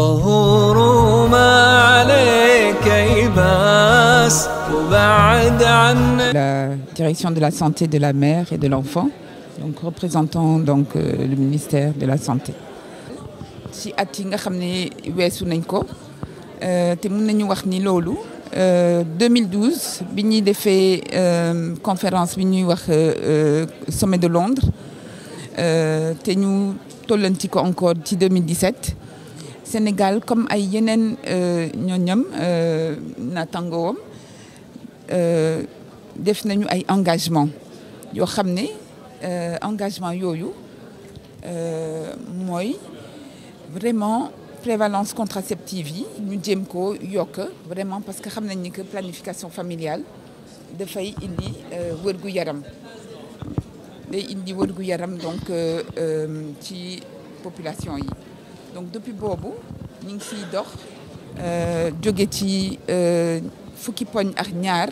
طهور ما عليك يباس وبعد عن La direction de la santé de la mère et de l'enfant, donc représentant donc euh, le ministère de la santé. ci at yi nga xam ne weesu nañ ko euh, te mun nañu wax ni loolu 2012 euh, bi ñuy defee conférence bi ñuy wax sommet de Londres te ñu tollanti ko encore ci 2017 Sénégal comme ay yeneen euh, ñooñam euh, natangoom euh, def nañu ay engagement yoo xam ne engagement yooyu mooy vraiment prévalence contraceptive yi ñu jéem ko yokk vraiment parce que xam nañ ni que planification familiale dafay indi wargu yaram day indi wërgu yaram donc ci population yi donc depuis boobu ñu ngi siy dox euh, jóge ci euh, fukki poñ ak ñaar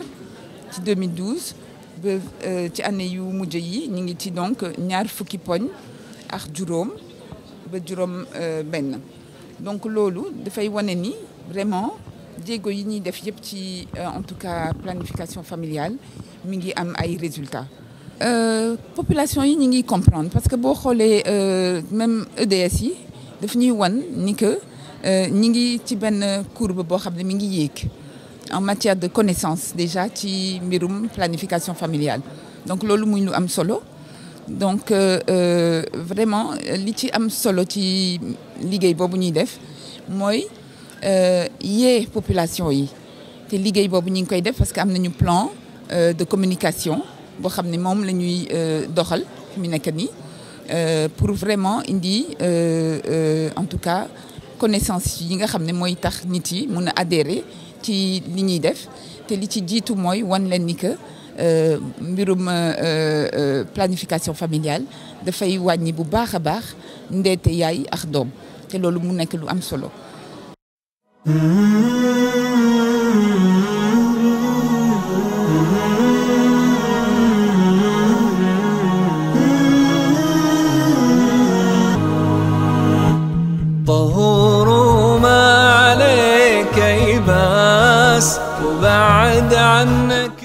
ci 2012 ba euh, ci année yu mujj yi ñu ngi ci donc ñaar fukki poñ ak juróom ba juróom ben donc loolu dafay wane ni vraiment jéego yi ñuy def yëpp ci en tout cas planification familiale mi ngi am ay résultats. population yi ñu ngi comprendre parce que boo xoolee même EDS yi. daf ñuy wan ni que euh, ñi ngi ci benn courbe boo xam ne mi ngi yéeg en matière de connaissance déjà ci mbirum planification familiale donc loolu muy lu am solo donc euh, euh, vraiment li ci am solo ci liggéey boobu ñuy def mooy yee population yi te liggéey boobu ñu ngi koy def parce que am nañu plan de communication boo xam ne moom la ñuy doxal fi mu nekk nii Euh, pour vraiment indi euh, euh, en tout cas connaissance yi nga xam ne mooy tax nit yi mun a adhérer ci li ñuy def te li ci jiitu mooy wan leen ni que mbirum planification familial dafay wàññi bu baax a baax ndeete yaay ak doom te loolu mu nekk lu am solo. Mm-hmm. الناس وبعد عنك